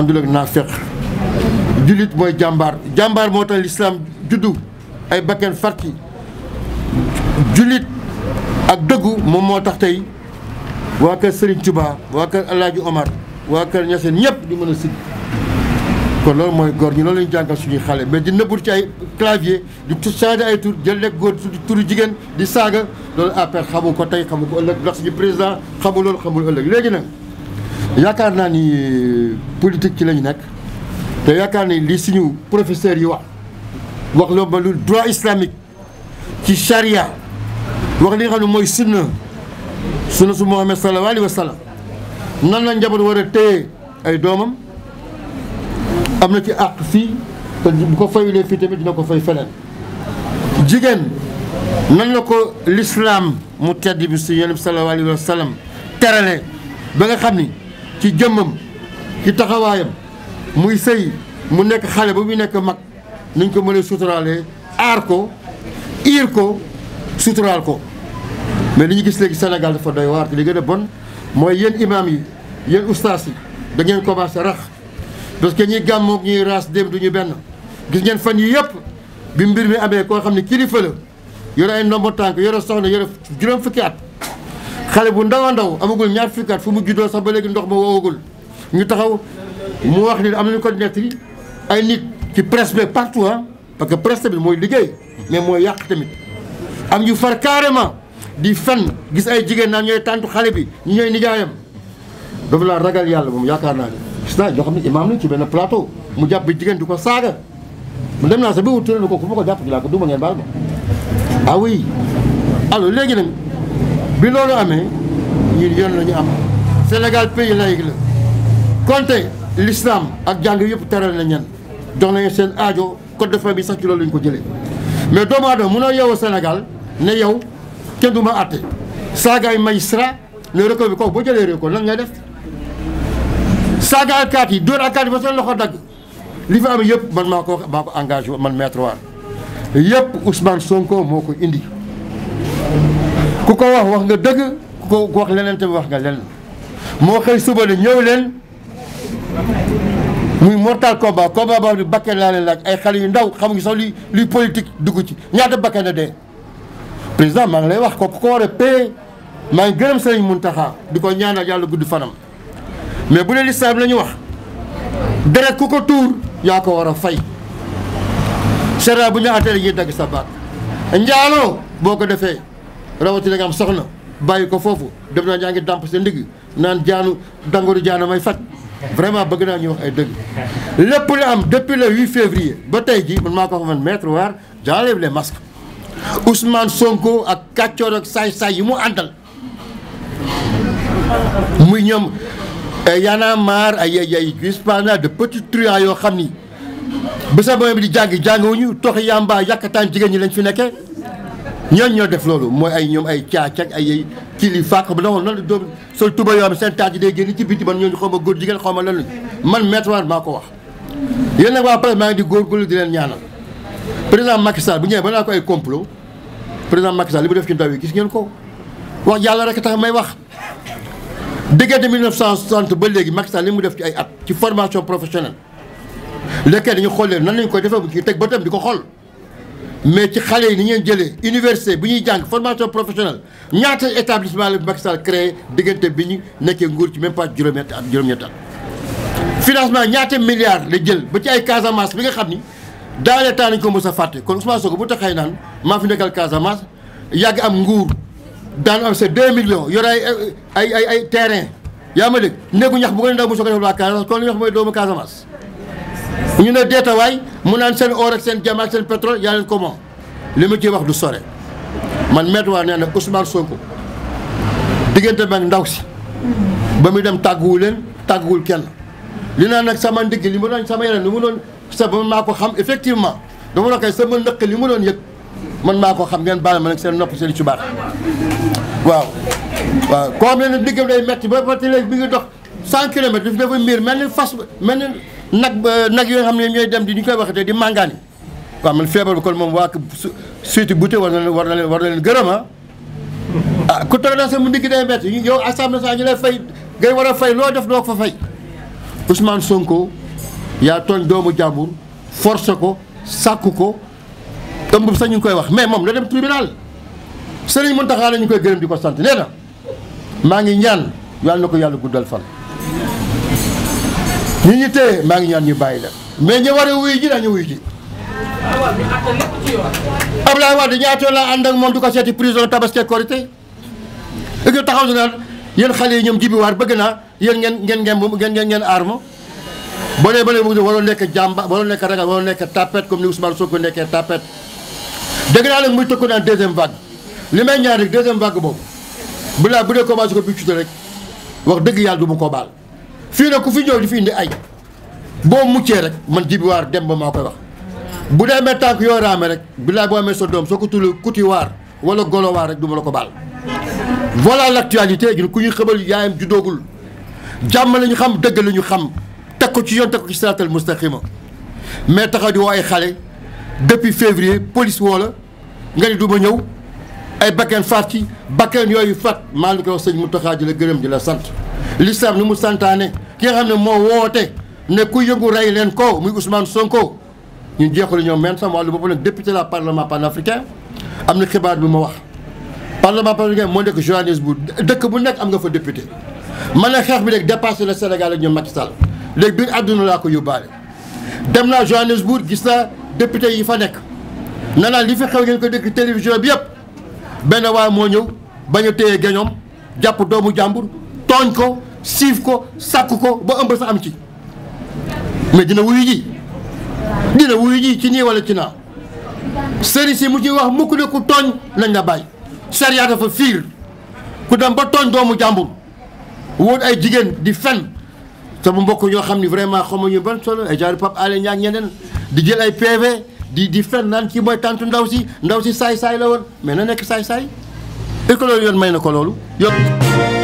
àndul ak naafeq jullit mooy jàmbaar jàmbaar moo tax lislaam juddu ay bakken farti jullit ak dëggu moom moo tax tey waa kër Serigne Touba waa kër El Hadj Omar waa kër Niassène ñëpp di mën a sigg kon loolu mooy góor ñi loolu la ñu jàngal suñuy xale mais di nëbbul ci ay clavier di changé ay tur jël lekk goo turu jigéen di saaga loolu APR xamu ko tey xamu ko ëllëg ndax suñu président xamul loolu xamul ëllëg léegi nag. yaakaar naa ni euh, politique ci lañu nekk te yaakaar ni li suñu professeur yi wax wax loo ba lu droit islamique ci charia wax li xam ne mooy sunna sunna su Muhammad sallallahu alayhi wa sallam nan la njaboot war a téye ay doomam am na ci àq fii te bu ko fayulee fii tamit dina ko fay feneen jigéen nan la ko l'islam mu tedd bi su yonent bi sallallahu alayhi wa terale ba nga xam ni ci jëmmam ci taxawaayam muy sëy mu nekk xale ba muy nekk mag nañ ko mënee suturaalee aar ko iir ko suturaal ko mais li ñu gis léegi senegal dafa doy waar li gën bon mooy yéen imaam yi yéen ustaas yi da ngeen commencé rax parce que ñi gàmmoog ñuy raas dem du ñu benn gis ngeen fan yi yëpp bi mbir mi abee koo xam ne kilifa la yore ay ndombo tànk yore soxna yore juróom fukki at xale bu ndawa ndaw amagul ñaar fukki at fu mu juddoo sax ba léegi ndox ma woowagul ñu taxaw mu wax ni am nañu ko nettali ay nit ci presse bi partout ah, parce que presse tamit mooy liggéey mais mooy yàq tamit am ñu far carrément di fen gis ay jigéen naan ñooy tàntu xale bi ñu ñooy nijaayam dafa laa ragal yàlla moom yaakaar naa ne gis naa ñoo xam ne imaam nañ ci benn plateau mu jàpp jigéen di ko saaga mu dem naa sax ba wut tëral ko ku ma ko jàpp ci laa ko duma ngeen ma ah oui alors léegi nag bi loolu amee ñun yoon la am Sénégal pays laïque la konte l'islam ak jàng yëpp tere na ñen jox nañu seen aajo code de bi sax ci loolu lañu ko jëlee mais doomu mun a yow senegal ne yow kenn duma ma àtte saagaay magistrat ne réko bi kooku boo jëlee ko lan ngay def saaga alkaat yi dóor alkaat yi ba seen loxo dagg li fi am yëpp man maa ko maa ko engagé man maître waar yëpp Ousmane Sonko moo ko indi ku ko wax wax nga dëgg ku ko wax leneen tamit wax nga leneen moo xëy suba ne ñëw leen muy mortal combat combat ba xam ne bakkan laa leen laaj ay xale yu ndaw xamuñu sax luy luy politique dugg ci ñaata bakkan na dee président maa ngi lay wax ko ku ko war a paye maa ngi gërëm Serigne Mountakha di ko ñaanal yàlla gudd fanam mais bu dee lislaam la ñu wax deret ku ko tuur yaa ko war a fay sera bu ñu atee yi dagg sa baat njaaloo boo ko defee rawatina nga am soxna bàyyi ko foofu dem naa ñaa ngi dàmp sa ndigg naan jaanu dangoru jaanu may faj vraiment bëgg naa ñu wax ay dëgg lépp la am depuis le 8 février ba tey ji man maa ko wax man maître waar j'enlève les masques Sonko ak kàccoor ak saay-saay yi mu àndal muy ñam Y'en a marre ay ay ay espana de petits truands yoo xam ni ba sa bi di jàngi jàngiwuñu toxi yamba yàkkataan jigéen ñi lañ fi nekkee ñooñu ñoo def loolu mooy ay ñoom ay caacak ay kilifa ba doon lan la doon sol tuba yoo xam seen taat yi day génn ci biti man ñooñu xaw ma góor jigéen xaw ma lan man maître maa ko wax. yéen nag waa pare maa ngi di góorgóorlu di leen ñaanal président Macky Sall bu ñëwee ba naa ko ay complot président Macky Sall li mu def ci ndaw yi gis ngeen ko wax yàlla rek tax may wax. diggante 1960 ba léegi Macky Sall li mu def ci ay at ci formation professionnelle léeg dañu xoolee nan lañu koy defee bu ci teg ba tam ko xool. mais ci xale yi ni ngeen jëlee université bi ñuy jàng formation professionnelle ñaata établissement la Macky Sall créé diggante bi ñu nekkee nguur ci même pas juróom-ñett at juróom financement ñaata milliards la jël ba ci ay Casamance bi nga xam ni dans les temps nañ ko mos a fàtte kon Ousmane Sonko bu taxay naan maa fi nekkal Casamance yàgg am nguur daan am sa 2 millions yor ay ay ay ay terrain yaa ma dégg néegu ñax bu ko ne ndaw mosoo ko defal waa Casamance kon li nga xam mooy doomu Casamance. ñu ne deetawaay mu naan seen or ak seen jama ak seen pétrole yaa leen ko li ma ci wax du sore man maître waa nee na Ousmane Sonko diggante mag ndaw si ba muy dem tàgguwu leen tàgguwul kenn li naan nag sama ndigg li mu doon sama yeneen li mu doon sa ba maa xam effectivement dama la koy sama ndëkk li mu doon yëg man maa ko xam ngeen baal ma seen nopp seen ci baax waaw waaw koo xam ne nag diggam day metti ba ba léegi bi ngi dox cent kilomètres dafa miir mel ni fas mel ni nag nag yoo xam ne ñooy dem di ñu koy wax di màngaani waaw man feebar bi kon moom waa su suite buté war na leen war na leen war na leen gërëm ah, ah ku toog na sa mu ndigg day métti yow assemblée saa ñu lay fay ngay war a fay loo def loo ko fa fay Ousmane Sonko yaa tooñ doomu jàmbur force ko sàkk ko ëmb sax ñu ngi koy wax mais moom la dem tribunal Serigne Mountakha la ñu koy gërëm di ko sant nee na maa ngi ñaan yàlla na ko yàlla guddal fan. ñi ñu téye maa ngi ñaan ñu bàyyi la mais ñu war a wuyu ji dañu wuyu ji. Abdoulaye Wade ñaata laa am ak moom du ko seeti prison tabaski korité et que taxaw si naan yéen xale yi ñoom jibi waar bëgg naa yéen ngeen ngeen ngeen ngeen ngeen ngeen aar ma. ba léegi mu ngi waroon nekk jàmba waroon nekk ragal waroon nekk tapette comme ni Ousmane Sonko nekkee tapette dégg naa nag muy tëkku naan deuxième vague li may ñaan rek deuxième vague boobu bu laa bu dee commencé ko bi rek wax dëgg yàlla du ko baal. fii nag ku fi ñëw di fi indi ay boo muccee rek man jibiwaar dem ba maa koy wax bu amee tànk yoo raame rek bilaay boo amee sa doom soo ko tullu kutiwaar wala golowaar rek du la ko baal voilà l'actualité gi ku ñu xëbal yaayam juddoogul jàmm lañu xam dëgg lañu xam teg ko ci yoon teg ko ci siraatal mustaqima mais taxaw di woo ay xale depuis février police woo la nga ni du ñëw ay bakkeen faat ci bakkeen yooyu faat maa ngi koy wax sëñ Mountakha di la gërëm di la sant l'islam ni mu santaane ki nga xam ne moo woote ne ku yëngu rey leen ko muy Ousmane Sonko ñun jeexalu ñoom men sama wàllu boobu nag député la parlement panafricain am na xibaar bi ma wax parlement panafricain moo nekk Johannesburg dëkk bu nekk am nga fa député man a xeex bi nag dépassé la Sénégal ak ñoom Macky léegi biir àdduna laa ko yóbbaale dem naa Johannesburg gis naa député yi fa nekk na naa li fi xew ngeen ko dégg télévision bi yëpp benn waaye moo ñëw bañ a téye gañoom jàpp doomu jàmbur tooñ siif ko sàkk ko ba ëmb sa am ci mais dina wuyu ji dina wuyu ji ci nii wala ci naa sëriñ si mu ci wax mukk ne ku tooñ lañ la bàyyi sariya dafa fiir ku dem ba tooñ doomu jàmbur wóor ay jigéen di fen sama mbokk ñoo xam ni vraiment xamuñu ban solo ay genre Pape Alé Niang ñeneen di jël ay PV di di fen naan kii mooy tàntu ndaw si ndaw si saay-saay la woon mais na nekk saay-saay est-ce loolu yoon may na ko loolu yoon